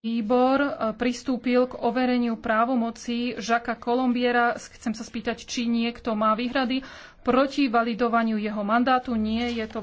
Výbor e, pristúpil k overeniu právomocí Žaka Kolombiera. Chcem sa spýtať, či niekto má výhrady proti validovaniu jeho mandátu. Nie je to